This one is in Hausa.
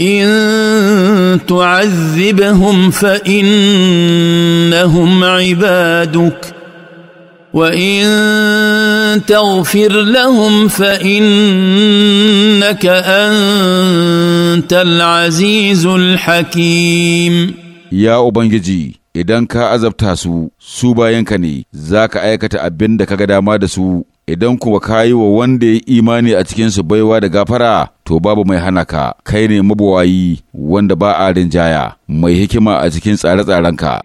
ان تعذبهم فانهم عبادك وان تغفر لهم فانك انت العزيز الحكيم ya Ubangiji, idan ka azabta su, su bayanka ne, za ka aikata abin da ka ga dama da su, idan kuma ka yi wa wanda ya imani a cikinsu baiwa da gafara, to babu mai hana ka, kai ne mabawayi wanda ba a rinjaya, mai hikima a cikin tsare-tsarenka.